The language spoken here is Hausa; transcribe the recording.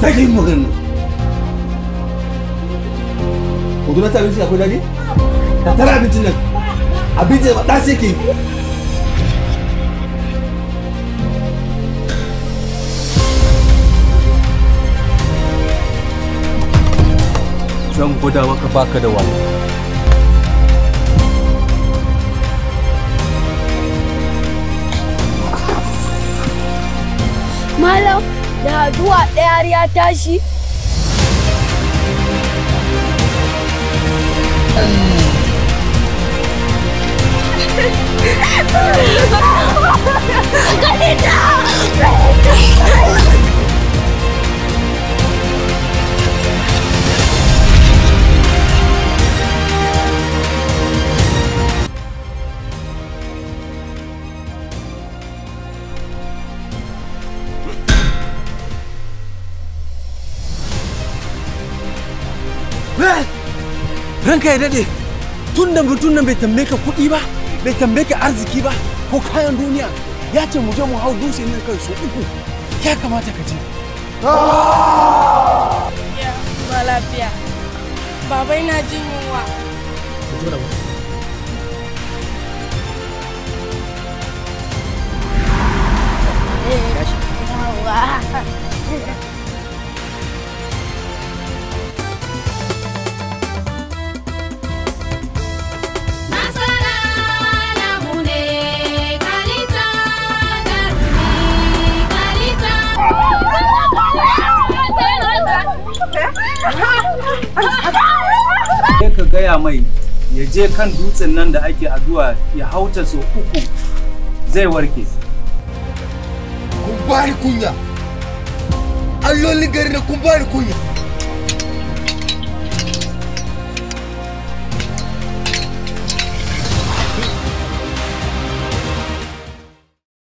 sake yin maganin nan na ta abinci akwai daɗi ta tara abincin nan abincin ba ɗa ke baka da wa. Malam da haduwa ɗayar ya tashi? Kanita! ranka ya dade tun da mutum nan bai tambaye ka kuɗi ba bai tambaye ka arziki ba ko kayan duniya ya ce mu je mu hau dutse ne kai so uku ya kamata ka je ah! ba lafiya baba ina jin yunwa Yeah. gaya mai ya je kan dutsen nan da ake addu'a ya hauta so uku zai warke. Kun bari kunya, allolin gari da kun bari kunya.